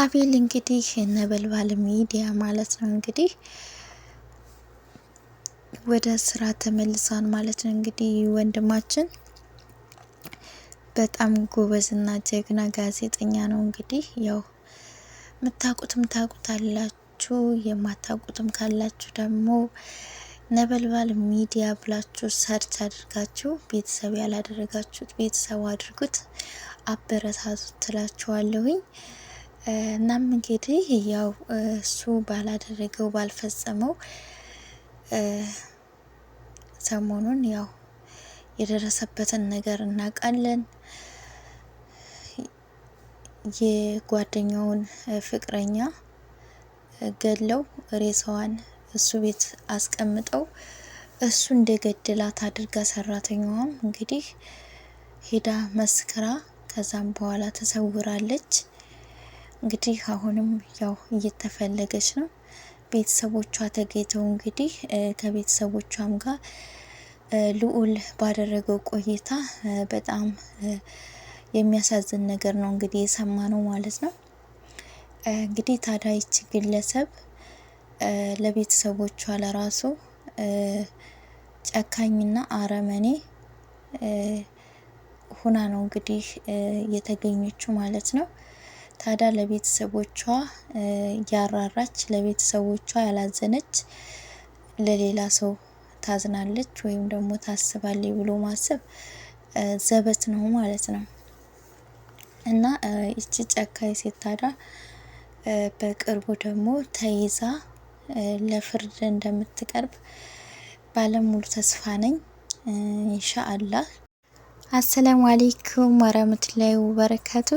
አቤል እንግዲህ ነበልባል ሚዲያ ማለት ነው እንግዲህ ወደ ስራ ተመልሷል ማለት ነው እንግዲህ ወንድማችን በጣም ጎበዝና ጀግና ጋዜጠኛ ነው። እንግዲህ ያው የምታውቁትም አላችሁ፣ የማታውቁትም ካላችሁ ደግሞ ነበልባል ሚዲያ ብላችሁ ሰርች አድርጋችሁ ቤተሰብ ያላደረጋችሁት ቤተሰብ አድርጉት፣ አበረታቱ ትላችኋለሁኝ። እናም እንግዲህ ያው እሱ ባላደረገው ባልፈጸመው ሰሞኑን ያው የደረሰበትን ነገር እናውቃለን። የጓደኛውን ፍቅረኛ ገለው ሬሳዋን እሱ ቤት አስቀምጠው እሱ እንደገደላት አድርጋ ሰራተኛዋም እንግዲህ ሄዳ መስክራ ከዛም በኋላ ተሰውራለች። እንግዲህ አሁንም ያው እየተፈለገች ነው። ቤተሰቦቿ ተገኝተው እንግዲህ ከቤተሰቦቿም ጋር ልዑል ባደረገው ቆይታ በጣም የሚያሳዝን ነገር ነው እንግዲህ የሰማ ነው ማለት ነው። እንግዲህ ታዲያ ይቺ ግለሰብ ለቤተሰቦቿ ለራሱ ጨካኝና አረመኔ ሁና ነው እንግዲህ የተገኘችው ማለት ነው። ታዲያ ለቤተሰቦቿ ያራራች፣ ለቤተሰቦቿ ያላዘነች ለሌላ ሰው ታዝናለች ወይም ደግሞ ታስባለች ብሎ ማሰብ ዘበት ነው ማለት ነው። እና ይቺ ጨካኝ ሴት ታዲያ በቅርቡ ደግሞ ተይዛ ለፍርድ እንደምትቀርብ ባለሙሉ ተስፋ ነኝ። ኢንሻአላህ። አሰላሙ አሌይኩም ወረህመቱላሂ ወበረካቱ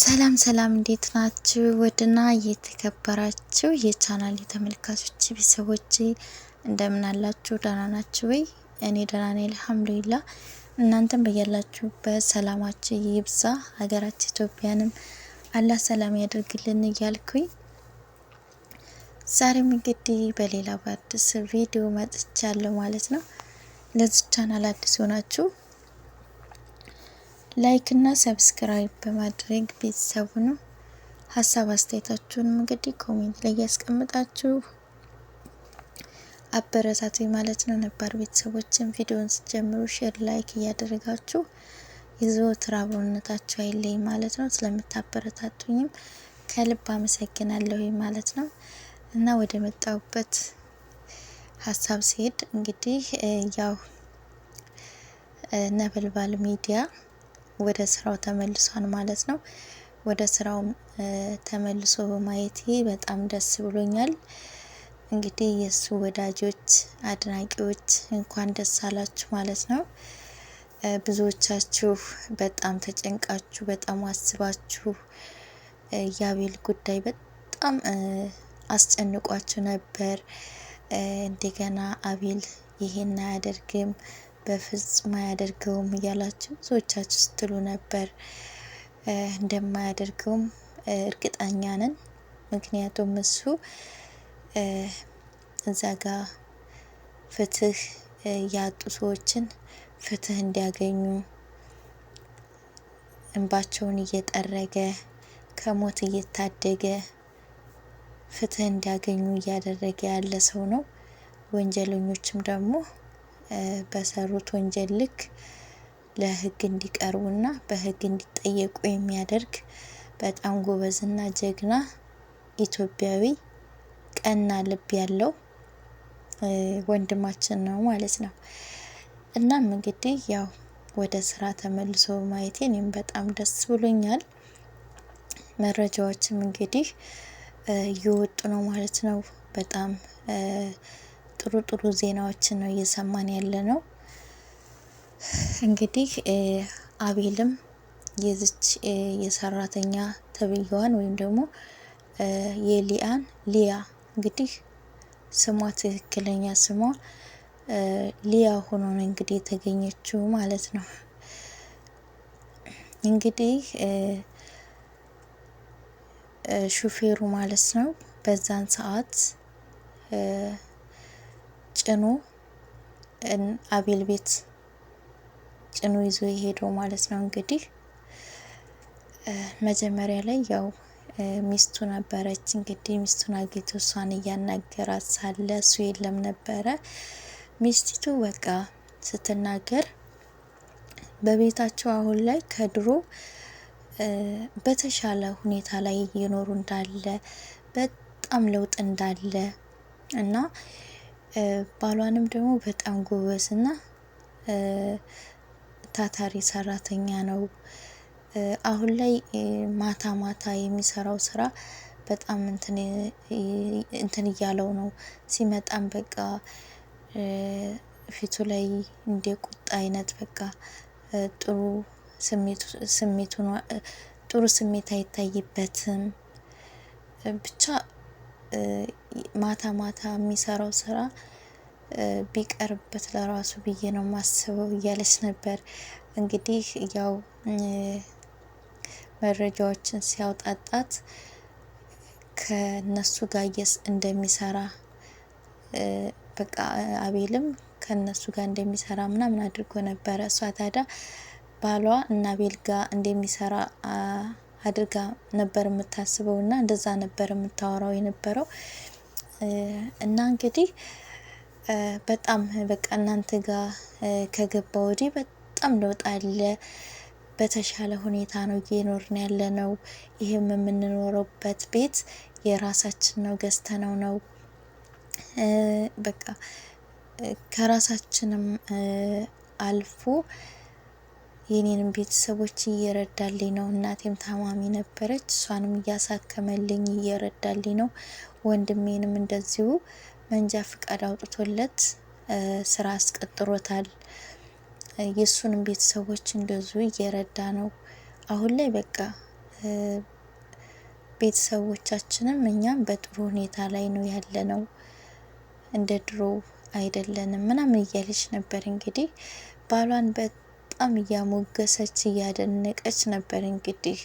ሰላም ሰላም፣ እንዴት ናችሁ? ውድና የተከበራችሁ የቻናል የተመልካቾች ቤተሰቦች እንደምን አላችሁ? ደህና ናችሁ ወይ? እኔ ደህና ነኝ አልሐምዱሊላ። እናንተም በያላችሁበት ሰላማችሁ ይብዛ፣ ሀገራችን ኢትዮጵያንም አላህ ሰላም ያደርግልን እያልኩኝ ዛሬም እንግዲህ በሌላ በአዲስ ቪዲዮ መጥቻለሁ ማለት ነው። ለዚህ ቻናል አዲስ ሆናችሁ ላይክ እና ሰብስክራይብ በማድረግ ቤተሰቡ ነው። ሀሳብ አስተያየታችሁንም እንግዲህ ኮሜንት ላይ ያስቀምጣችሁ አበረታቱ ማለት ነው። ነባር ቤተሰቦችን ቪዲዮን ስጀምሩ ሼር፣ ላይክ እያደረጋችሁ የዘወትር አብሮነታችሁ አይለይ ማለት ነው። ስለምታበረታቱኝም ከልብ አመሰግናለሁ ማለት ነው እና ወደ መጣሁበት ሀሳብ ሲሄድ እንግዲህ ያው ነበልባል ሚዲያ ወደ ስራው ተመልሷል ማለት ነው። ወደ ስራው ተመልሶ በማየቴ በጣም ደስ ብሎኛል። እንግዲህ የእሱ ወዳጆች፣ አድናቂዎች እንኳን ደስ አላችሁ ማለት ነው። ብዙዎቻችሁ በጣም ተጨንቃችሁ፣ በጣም አስባችሁ የአቤል ጉዳይ በጣም አስጨንቋችሁ ነበር። እንደገና አቤል ይሄን አያደርግም በፍጹም አያደርገውም እያላችሁ ሰዎቻችሁ ስትሉ ነበር። እንደማያደርገውም እርግጠኛ ነን። ምክንያቱም እሱ እዛ ጋ ፍትህ ያጡ ሰዎችን ፍትህ እንዲያገኙ እንባቸውን እየጠረገ ከሞት እየታደገ ፍትህ እንዲያገኙ እያደረገ ያለ ሰው ነው። ወንጀለኞችም ደግሞ በሰሩት ወንጀል ልክ ለህግ እንዲቀርቡና በህግ እንዲጠየቁ የሚያደርግ በጣም ጎበዝና ጀግና ኢትዮጵያዊ ቀና ልብ ያለው ወንድማችን ነው ማለት ነው። እናም እንግዲህ ያው ወደ ስራ ተመልሶ ማየቴ እኔም በጣም ደስ ብሎኛል። መረጃዎችም እንግዲህ እየወጡ ነው ማለት ነው። በጣም ጥሩ ጥሩ ዜናዎችን ነው እየሰማን ያለ ነው። እንግዲህ አቤልም የዝች የሰራተኛ ተብያዋን ወይም ደግሞ የሊያን ሊያ እንግዲህ ስሟ ትክክለኛ ስሟ ሊያ ሆኖ ነው እንግዲህ የተገኘችው ማለት ነው። እንግዲህ ሹፌሩ ማለት ነው በዛን ሰዓት ጭኑ አቤል ቤት ጭኑ ይዞ የሄደው ማለት ነው። እንግዲህ መጀመሪያ ላይ ያው ሚስቱ ነበረች። እንግዲህ ሚስቱን አግኝቶ እሷን እያናገራት ሳለ እሱ የለም ነበረ። ሚስቲቱ በቃ ስትናገር በቤታቸው አሁን ላይ ከድሮ በተሻለ ሁኔታ ላይ እየኖሩ እንዳለ በጣም ለውጥ እንዳለ እና ባሏንም ደግሞ በጣም ጎበዝ እና ታታሪ ሰራተኛ ነው። አሁን ላይ ማታ ማታ የሚሰራው ስራ በጣም እንትን እያለው ነው። ሲመጣም በቃ ፊቱ ላይ እንደ ቁጣ አይነት በቃ ጥሩ ስሜቱ ጥሩ ስሜት አይታይበትም። ብቻ ማታ ማታ የሚሰራው ስራ ቢቀርብበት ለራሱ ብዬ ነው ማስበው እያለች ነበር። እንግዲህ ያው መረጃዎችን ሲያውጣጣት ከነሱ ጋር የስ እንደሚሰራ በቃ አቤልም ከነሱ ጋር እንደሚሰራ ምናምን አድርጎ ነበረ። እሷ ታዲያ ባሏ እና አቤል ጋር እንደሚሰራ አድርጋ ነበር የምታስበው እና እንደዛ ነበር የምታወራው የነበረው። እና እንግዲህ በጣም በቃ እናንተ ጋር ከገባ ወዲህ በጣም ለውጥ አለ። በተሻለ ሁኔታ ነው እየኖርን ያለ ነው። ይህም የምንኖረበት ቤት የራሳችን ነው፣ ገዝተነው ነው በቃ ከራሳችንም አልፎ የኔንም ቤተሰቦች እየረዳልኝ ነው። እናቴም ታማሚ ነበረች፣ እሷንም እያሳከመልኝ እየረዳልኝ ነው። ወንድሜንም እንደዚሁ መንጃ ፍቃድ አውጥቶለት ስራ አስቀጥሮታል። የእሱንም ቤተሰቦች እንደዚሁ እየረዳ ነው። አሁን ላይ በቃ ቤተሰቦቻችንም እኛም በጥሩ ሁኔታ ላይ ነው ያለ ነው። እንደ ድሮ አይደለንም ምናምን እያለች ነበር እንግዲህ ባሏን በጣም እያሞገሰች እያደነቀች ነበር እንግዲህ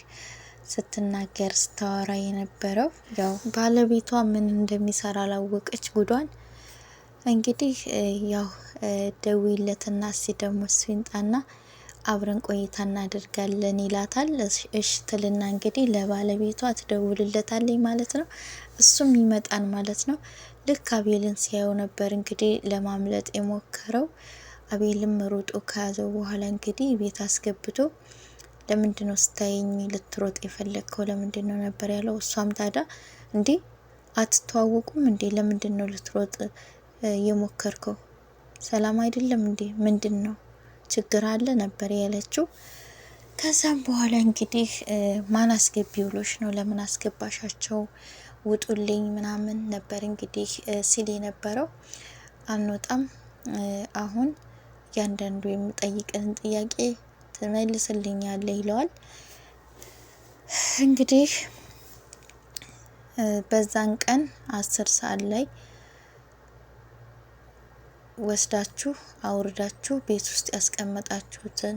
ስትናገር ስታወራ የነበረው ያው ባለቤቷ ምን እንደሚሰራ አላወቀች ጉዷን። እንግዲህ ያው ደዊለትና ሲ ደግሞ ስንጣና አብረን ቆይታ እናደርጋለን ይላታል። እሽ ትልና እንግዲህ ለባለቤቷ ትደውልለታለኝ ማለት ነው። እሱም ይመጣን ማለት ነው። ልክ አቤልን ሲያየው ነበር እንግዲህ ለማምለጥ የሞከረው። አቤልም ሮጦ ከያዘው በኋላ እንግዲህ ቤት አስገብቶ ለምንድን ነው ስታየኝ ልትሮጥ የፈለግከው? ለምንድን ነው ነበር ያለው። እሷም ታዳ እንዴ አትተዋወቁም እንዴ? ለምንድን ነው ልትሮጥ የሞከርከው? ሰላም አይደለም እንዴ? ምንድን ነው ችግር አለ ነበር ያለችው። ከዛም በኋላ እንግዲህ ማን አስገቢ ብሎች ነው ለምን አስገባሻቸው? ውጡልኝ ምናምን ነበር እንግዲህ ሲል የነበረው። አንወጣም አሁን እያንዳንዱ የምጠይቅህን ጥያቄ ትመልስልኛለህ ይለዋል። እንግዲህ በዛን ቀን አስር ሰዓት ላይ ወስዳችሁ አውርዳችሁ ቤት ውስጥ ያስቀመጣችሁትን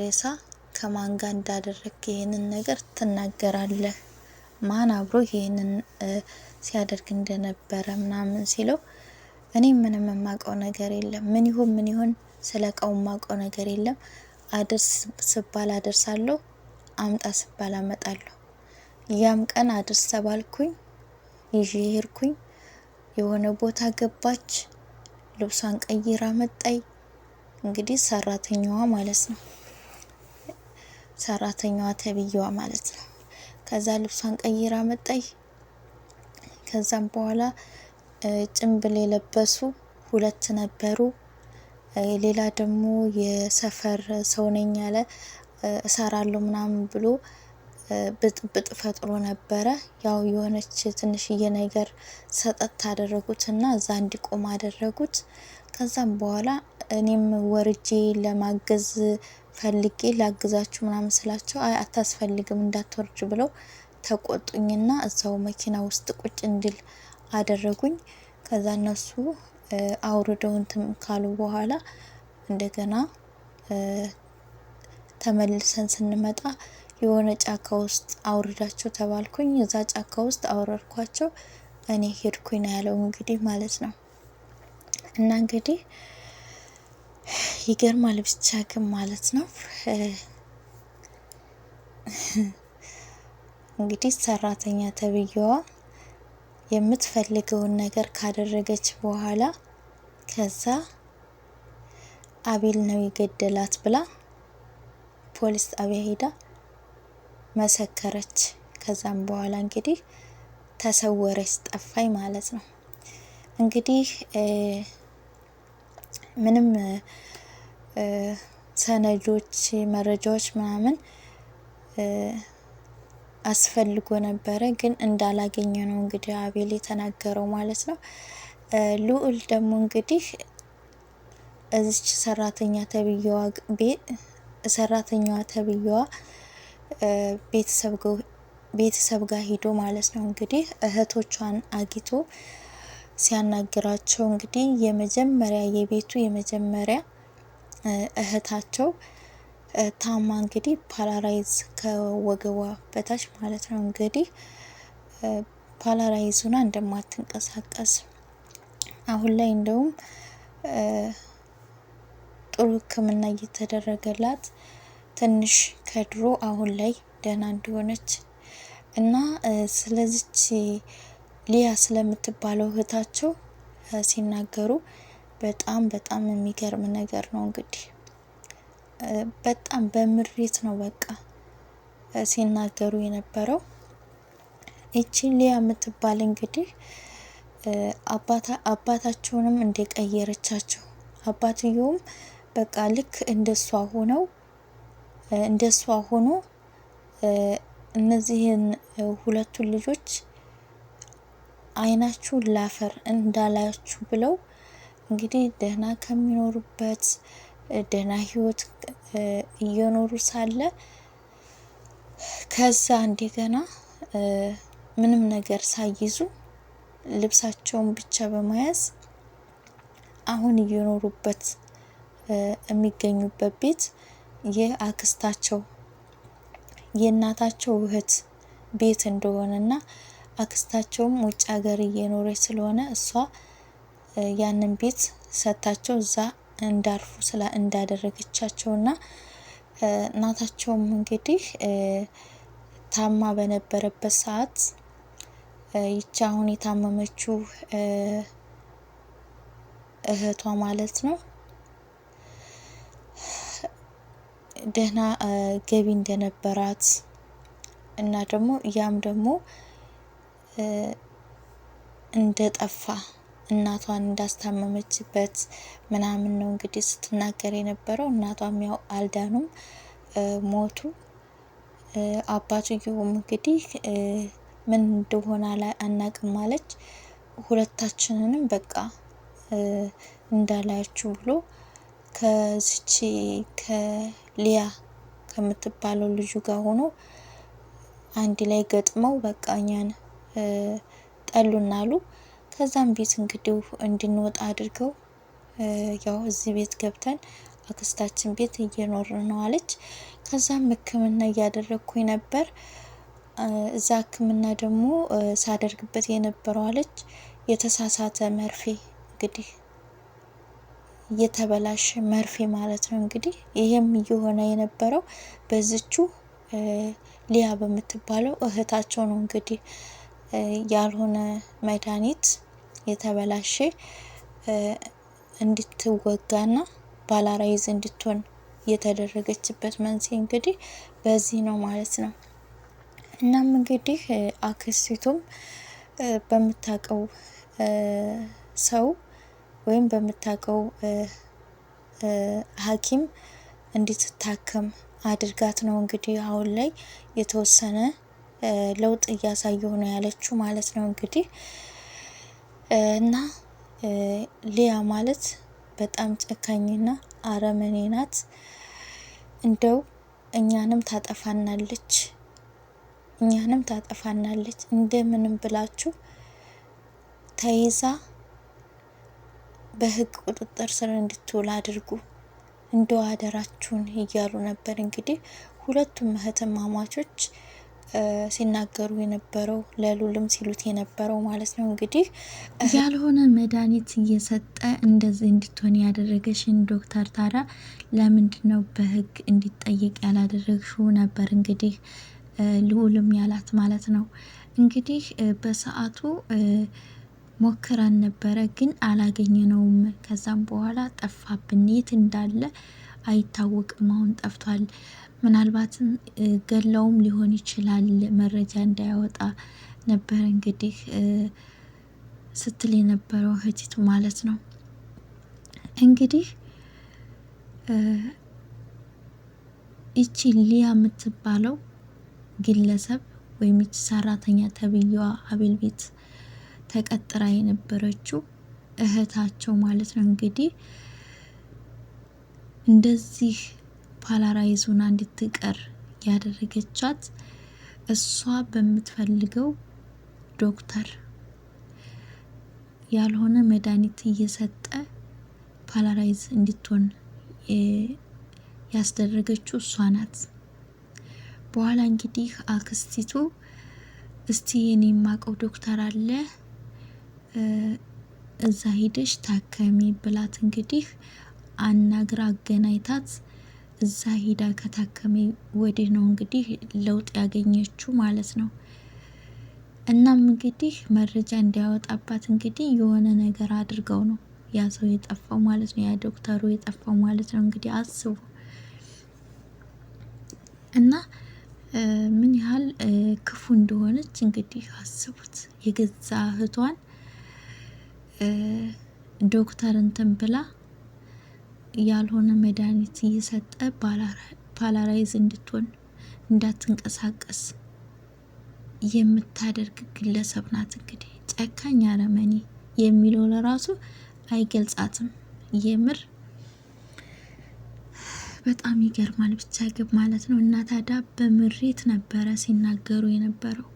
ሬሳ ከማን ጋር እንዳደረግ ይህንን ነገር ትናገራለህ። ማን አብሮ ይህንን ሲያደርግ እንደነበረ ምናምን ሲለው እኔ ምንም የማውቀው ነገር የለም። ምን ይሁን ምን ይሁን ስለ እቃው የማውቀው ነገር የለም። አድርስ ስባል አደርሳለሁ፣ አምጣ ስባል አመጣለሁ። ያም ቀን አድርስ ተባልኩኝ፣ ይዤ ሄድኩኝ። የሆነ ቦታ ገባች፣ ልብሷን ቀይራ መጣይ። እንግዲህ ሰራተኛዋ ማለት ነው፣ ሰራተኛዋ ተብዬዋ ማለት ነው። ከዛ ልብሷን ቀይራ መጣይ። ከዛም በኋላ ጭንብል የለበሱ ሁለት ነበሩ። ሌላ ደግሞ የሰፈር ሰው ነኝ ያለ እሰራለሁ ምናምን ብሎ ብጥብጥ ፈጥሮ ነበረ። ያው የሆነች ትንሽዬ ነገር ሰጠት አደረጉት እና እዛ እንዲቆም አደረጉት። ከዛም በኋላ እኔም ወርጄ ለማገዝ ፈልጌ ላግዛችሁ ምናምን ስላቸው አይ አታስፈልግም እንዳትወርጅ ብለው ተቆጡኝና እዛው መኪና ውስጥ ቁጭ እንድል አደረጉኝ። ከዛ እነሱ አውርደው እንትን ካሉ በኋላ እንደገና ተመልሰን ስንመጣ የሆነ ጫካ ውስጥ አውርዳቸው ተባልኩኝ። እዛ ጫካ ውስጥ አውረድኳቸው እኔ ሄድኩኝ ነው ያለው እንግዲህ ማለት ነው። እና እንግዲህ ይገርማል ብቻ ግን ማለት ነው እንግዲህ ሰራተኛ ተብዬዋ የምትፈልገውን ነገር ካደረገች በኋላ ከዛ አቤል ነው የገደላት ብላ ፖሊስ ጣቢያ ሄዳ መሰከረች። ከዛም በኋላ እንግዲህ ተሰወረች፣ ጠፋይ ማለት ነው። እንግዲህ ምንም ሰነዶች፣ መረጃዎች ምናምን አስፈልጎ ነበረ፣ ግን እንዳላገኘ ነው እንግዲህ አቤል የተናገረው ማለት ነው። ልዑል ደግሞ እንግዲህ እዚች ሰራተኛ ተብዬዋ ቤት ሰራተኛዋ ተብዬዋ ቤተሰብ ጋር ሂዶ ማለት ነው እንግዲህ እህቶቿን አጊቶ ሲያናግራቸው እንግዲህ የመጀመሪያ የቤቱ የመጀመሪያ እህታቸው ታማ እንግዲህ ፓላራይዝ ከወገቧ በታች ማለት ነው እንግዲህ ፓላራይዙና ሆና እንደማትንቀሳቀስ አሁን ላይ እንደውም ጥሩ ሕክምና እየተደረገላት ትንሽ ከድሮ አሁን ላይ ደህና እንደሆነች እና ስለዚች ሊያ ስለምትባለው እህታቸው ሲናገሩ በጣም በጣም የሚገርም ነገር ነው እንግዲህ በጣም በምሬት ነው በቃ ሲናገሩ የነበረው። እቺ ሊያ የምትባል እንግዲህ አባታቸውንም እንደቀየረቻቸው አባትየውም በቃ ልክ እንደሷ ሆነው እንደሷ ሆኖ እነዚህን ሁለቱን ልጆች አይናችሁን ላፈር እንዳላችሁ ብለው እንግዲህ ደህና ከሚኖሩበት ደህና ህይወት እየኖሩ ሳለ ከዛ እንደገና ምንም ነገር ሳይይዙ ልብሳቸውን ብቻ በመያዝ አሁን እየኖሩበት የሚገኙበት ቤት የአክስታቸው የእናታቸው እህት ቤት እንደሆነ እና አክስታቸውም ውጭ ሀገር እየኖረች ስለሆነ እሷ ያንን ቤት ሰጥታቸው እዛ እንዳልፉ ስላ እንዳደረገቻቸውና እናታቸውም እንግዲህ ታማ በነበረበት ሰዓት ይቺ አሁን የታመመችው እህቷ ማለት ነው ደህና ገቢ እንደነበራት እና ደግሞ ያም ደግሞ እንደጠፋ እናቷን እንዳስታመመችበት ምናምን ነው እንግዲህ ስትናገር የነበረው። እናቷም ያው አልዳኑም ሞቱ። አባትየውም እንግዲህ ምን እንደሆነ አናቅም አለች። ሁለታችንንም በቃ እንዳላያችሁ ብሎ ከዚች ከሊያ ከምትባለው ልጁ ጋር ሆኖ አንድ ላይ ገጥመው በቃ እኛን ጠሉናሉ። ከዛም ቤት እንግዲህ እንድንወጣ አድርገው ያው እዚህ ቤት ገብተን አክስታችን ቤት እየኖር ነው አለች። ከዛም ሕክምና እያደረግኩኝ ነበር። እዛ ሕክምና ደግሞ ሳደርግበት የነበረው አለች የተሳሳተ መርፌ እንግዲህ የተበላሸ መርፌ ማለት ነው። እንግዲህ ይህም እየሆነ የነበረው በዝቹ ሊያ በምትባለው እህታቸው ነው። እንግዲህ ያልሆነ መድኃኒት የተበላሸ እንድትወጋና ባላራይዝ እንድትሆን የተደረገችበት መንስኤ እንግዲህ በዚህ ነው ማለት ነው። እናም እንግዲህ አክስቲቱም በምታውቀው ሰው ወይም በምታውቀው ሐኪም እንድትታከም አድርጋት ነው እንግዲህ አሁን ላይ የተወሰነ ለውጥ እያሳየሁ ነው ያለችው ማለት ነው እንግዲህ እና ሊያ ማለት በጣም ጨካኝና አረመኔ ናት። እንደው እኛንም ታጠፋናለች፣ እኛንም ታጠፋናለች። እንደምንም ብላችሁ ተይዛ በህግ ቁጥጥር ስር እንድትውል አድርጉ እንደው አደራችሁን እያሉ ነበር። እንግዲህ ሁለቱም እህትማማቾች ሲናገሩ የነበረው ለሉልም ሲሉት የነበረው ማለት ነው። እንግዲህ ያልሆነ መድኃኒት እየሰጠ እንደዚህ እንድትሆን ያደረገሽን ዶክተር ታራ ለምንድን ነው በህግ እንዲጠየቅ ያላደረግሽው? ነበር እንግዲህ ልዑልም ያላት ማለት ነው። እንግዲህ በሰዓቱ ሞክረን ነበረ ግን አላገኘነውም። ከዛም በኋላ ጠፋብን፣ የት እንዳለ አይታወቅም። አሁን ጠፍቷል። ምናልባትም ገለውም ሊሆን ይችላል መረጃ እንዳያወጣ ነበር እንግዲህ ስትል የነበረው እህቲቱ ማለት ነው። እንግዲህ ይቺ ሊያ የምትባለው ግለሰብ ወይም ይቺ ሰራተኛ ተብዬዋ አቤል ቤት ተቀጥራ የነበረችው እህታቸው ማለት ነው። እንግዲህ እንደዚህ ፓላራይዝ ሆና እንድትቀር ያደረገቻት እሷ በምትፈልገው ዶክተር ያልሆነ መድኃኒት እየሰጠ ፓላራይዝ እንድትሆን ያስደረገችው እሷ ናት። በኋላ እንግዲህ አክስቲቱ እስቲ የኔ የማውቀው ዶክተር አለ እዛ ሂደሽ ታከሚ ብላት እንግዲህ አናግራ አገናኝታት እዛ ሂዳ ከታከሜ ወዲህ ነው እንግዲህ ለውጥ ያገኘችው ማለት ነው። እናም እንግዲህ መረጃ እንዲያወጣባት እንግዲህ የሆነ ነገር አድርገው ነው ያ ሰው የጠፋው ማለት ነው። ያ ዶክተሩ የጠፋው ማለት ነው። እንግዲህ አስቡ እና ምን ያህል ክፉ እንደሆነች እንግዲህ አስቡት። የገዛ እህቷን ዶክተር እንትን ብላ ያልሆነ መድኃኒት እየሰጠ ፓላራይዝ እንድትሆን እንዳትንቀሳቀስ የምታደርግ ግለሰብ ናት። እንግዲህ ጨካኝ አረመኔ የሚለው ለራሱ አይገልጻትም። የምር በጣም ይገርማል። ብቻ ግብ ማለት ነው። እና ታዲያ በምሬት ነበረ ሲናገሩ የነበረው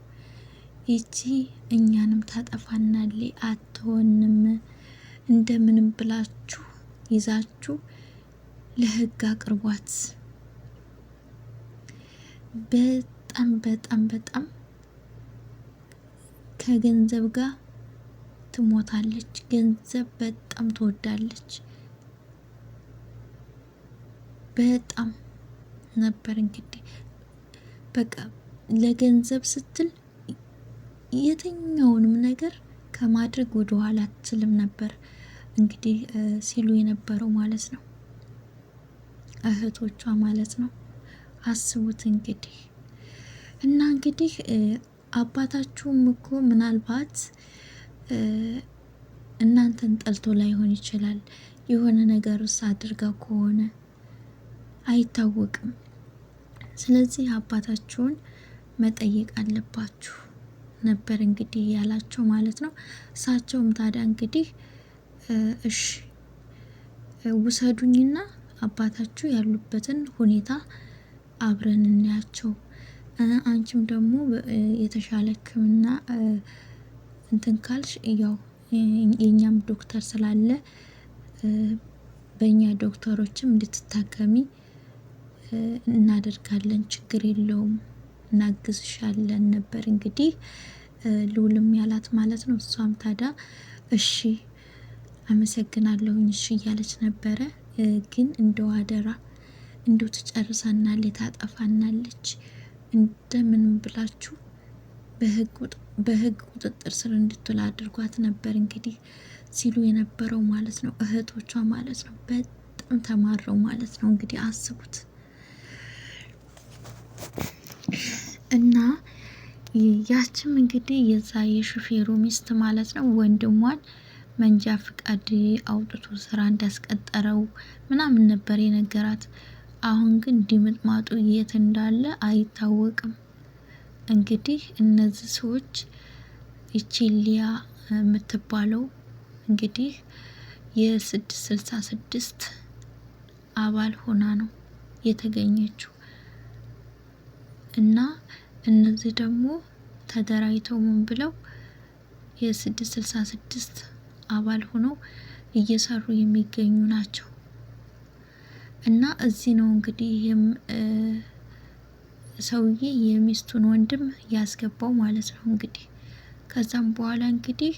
ይቺ እኛንም ታጠፋናሌ አትሆንም እንደምንም ብላችሁ ይዛችሁ ለህግ አቅርቧት። በጣም በጣም በጣም ከገንዘብ ጋር ትሞታለች። ገንዘብ በጣም ትወዳለች። በጣም ነበር እንግዲህ በቃ ለገንዘብ ስትል የትኛውንም ነገር ከማድረግ ወደ ኋላ አትልም ነበር። እንግዲህ ሲሉ የነበረው ማለት ነው። እህቶቿ ማለት ነው። አስቡት እንግዲህ እና እንግዲህ አባታችሁም እኮ ምናልባት እናንተን ጠልቶ ላይሆን ይችላል። የሆነ ነገር ውስጥ አድርገው ከሆነ አይታወቅም። ስለዚህ አባታችሁን መጠየቅ አለባችሁ ነበር እንግዲህ ያላቸው ማለት ነው። እሳቸውም ታዲያ እንግዲህ እሺ ውሰዱኝና አባታችሁ ያሉበትን ሁኔታ አብረን እናያቸው፣ አንቺም ደግሞ የተሻለ ሕክምና እንትን ካልሽ ያው የእኛም ዶክተር ስላለ በእኛ ዶክተሮችም እንድትታከሚ እናደርጋለን፣ ችግር የለውም እናግዝሻለን ነበር እንግዲህ ልውልም ያላት ማለት ነው። እሷም ታዲያ እሺ አመሰግናለሁኝ እሺ እያለች ነበረ። ግን እንደው አደራ እንደው ትጨርሳናለች፣ ታጠፋናለች። እንደምን ብላችሁ በህግ ቁጥጥር ስር እንድትውል አድርጓት ነበር እንግዲህ ሲሉ የነበረው ማለት ነው። እህቶቿ ማለት ነው። በጣም ተማረው ማለት ነው። እንግዲህ አስቡት እና ያችም እንግዲህ የዛ የሹፌሩ ሚስት ማለት ነው ወንድሟን መንጃ ፍቃድ አውጥቶ ስራ እንዳስቀጠረው ምናምን ነበር የነገራት። አሁን ግን ድምጥማጡ የት እንዳለ አይታወቅም። እንግዲህ እነዚህ ሰዎች ይቺ ሊያ የምትባለው እንግዲህ የስድስት ስልሳ ስድስት አባል ሆና ነው የተገኘችው እና እነዚህ ደግሞ ተደራጅተው ምን ብለው የስድስት ስልሳ ስድስት አባል ሆነው እየሰሩ የሚገኙ ናቸው። እና እዚህ ነው እንግዲህ ሰውዬ የሚስቱን ወንድም ያስገባው ማለት ነው እንግዲህ ከዛም በኋላ እንግዲህ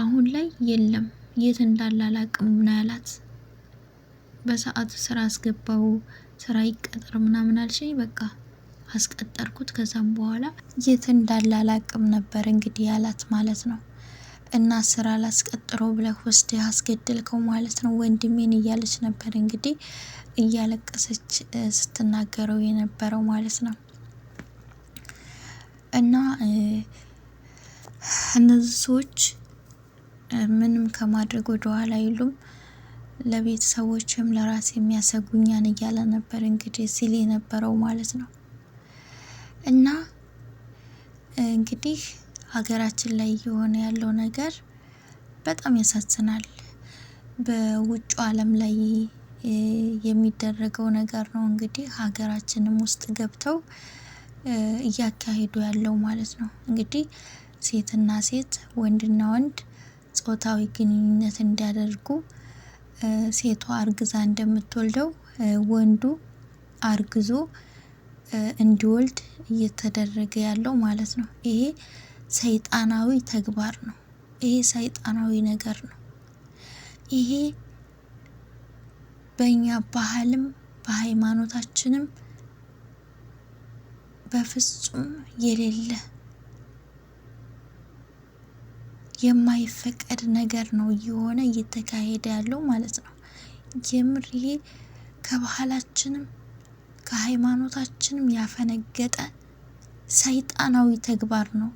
አሁን ላይ የለም የት እንዳለ አላቅም ነው ያላት። በሰዓቱ ስራ አስገባው ስራ ይቀጠር ምናምን አልሽኝ በቃ አስቀጠርኩት። ከዛም በኋላ የት እንዳለ አላቅም ነበር እንግዲህ ያላት ማለት ነው። እና ስራ ላስቀጥሮ ብለህ ወስደህ አስገደልከው ማለት ነው ወንድሜን እያለች ነበር እንግዲህ እያለቀሰች ስትናገረው የነበረው ማለት ነው። እና እነዚህ ሰዎች ምንም ከማድረግ ወደ ኋላ አይሉም። ለቤተሰቦችም ለራሴ የሚያሰጉኛን እያለ ነበር እንግዲህ ሲል የነበረው ማለት ነው። እና እንግዲህ ሀገራችን ላይ እየሆነ ያለው ነገር በጣም ያሳዝናል። በውጭ ዓለም ላይ የሚደረገው ነገር ነው እንግዲህ ሀገራችንም ውስጥ ገብተው እያካሄዱ ያለው ማለት ነው። እንግዲህ ሴትና ሴት ወንድና ወንድ ጾታዊ ግንኙነት እንዲያደርጉ ሴቷ አርግዛ እንደምትወልደው ወንዱ አርግዞ እንዲወልድ እየተደረገ ያለው ማለት ነው። ይሄ ሰይጣናዊ ተግባር ነው። ይሄ ሰይጣናዊ ነገር ነው። ይሄ በእኛ ባህልም በሃይማኖታችንም በፍጹም የሌለ የማይፈቀድ ነገር ነው እየሆነ እየተካሄደ ያለው ማለት ነው። የምር ይሄ ከባህላችንም ከሃይማኖታችንም ያፈነገጠ ሰይጣናዊ ተግባር ነው።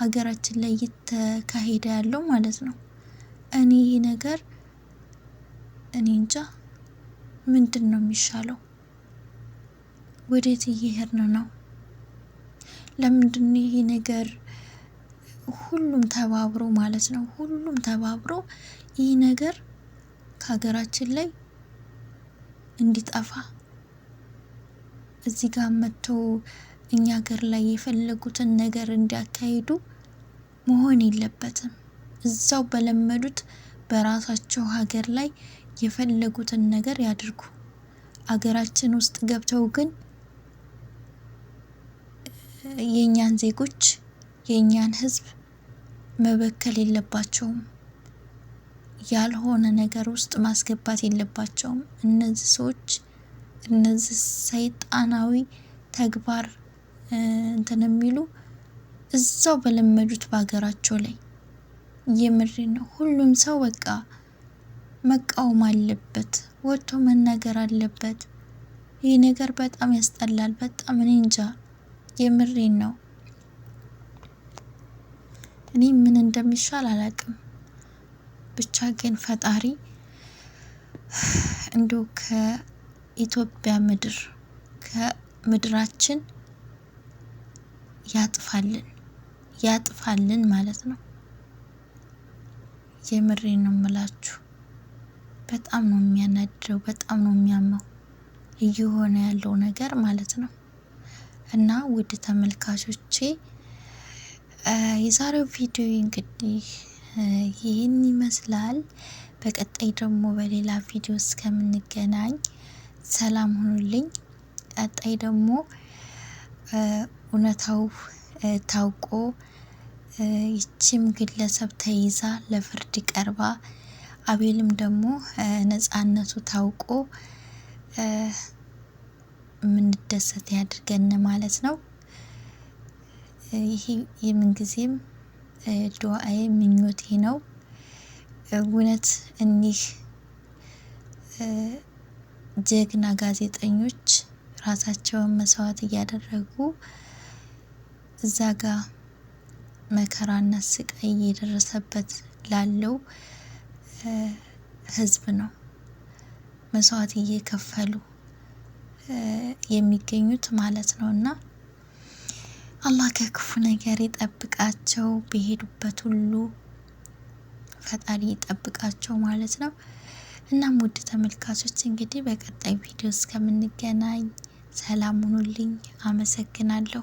ሀገራችን ላይ እየተካሄደ ያለው ማለት ነው። እኔ ይህ ነገር እኔ እንጃ ምንድን ነው የሚሻለው? ወዴት እየሄድን ነው? ለምንድን ይህ ነገር ሁሉም ተባብሮ ማለት ነው ሁሉም ተባብሮ ይህ ነገር ከሀገራችን ላይ እንዲጠፋ እዚህ ጋር መጥቶ እኛ ሀገር ላይ የፈለጉትን ነገር እንዲያካሂዱ መሆን የለበትም። እዛው በለመዱት በራሳቸው ሀገር ላይ የፈለጉትን ነገር ያድርጉ። አገራችን ውስጥ ገብተው ግን የእኛን ዜጎች የእኛን ሕዝብ መበከል የለባቸውም። ያልሆነ ነገር ውስጥ ማስገባት የለባቸውም። እነዚህ ሰዎች እነዚህ ሰይጣናዊ ተግባር እንትን የሚሉ እዛው በለመዱት በሀገራቸው ላይ የምሬ ነው። ሁሉም ሰው በቃ መቃወም አለበት፣ ወጥቶ መናገር አለበት። ይህ ነገር በጣም ያስጠላል። በጣም እኔ እንጃ የምሬ ነው። እኔ ምን እንደሚሻል አላቅም። ብቻ ግን ፈጣሪ እንዲሁ ከኢትዮጵያ ምድር ከምድራችን ያጥፋልን። ያጥፋልን ማለት ነው። የምሬ ነው የምላችሁ። በጣም ነው የሚያናድደው፣ በጣም ነው የሚያመው እየሆነ ያለው ነገር ማለት ነው። እና ውድ ተመልካቾቼ የዛሬው ቪዲዮ እንግዲህ ይህን ይመስላል። በቀጣይ ደግሞ በሌላ ቪዲዮ እስከምንገናኝ ሰላም ሁኑልኝ። ቀጣይ ደግሞ እውነታው ታውቆ ይችም ግለሰብ ተይዛ ለፍርድ ቀርባ አቤልም ደግሞ ነፃነቱ ታውቆ የምንደሰት ያድርገን ማለት ነው። ይህ የምንጊዜም ዱዓዬ ምኞቴ ነው። እውነት እኒህ ጀግና ጋዜጠኞች ራሳቸውን መስዋዕት እያደረጉ እዛ ጋር መከራና ስቃይ እየደረሰበት ላለው ህዝብ ነው መስዋዕት እየከፈሉ የሚገኙት ማለት ነው እና አላህ ከክፉ ነገር ይጠብቃቸው፣ በሄዱበት ሁሉ ፈጣሪ ይጠብቃቸው ማለት ነው። እናም ውድ ተመልካቾች እንግዲህ በቀጣይ ቪዲዮ እስከምንገናኝ ሰላም ሁኑልኝ። አመሰግናለሁ።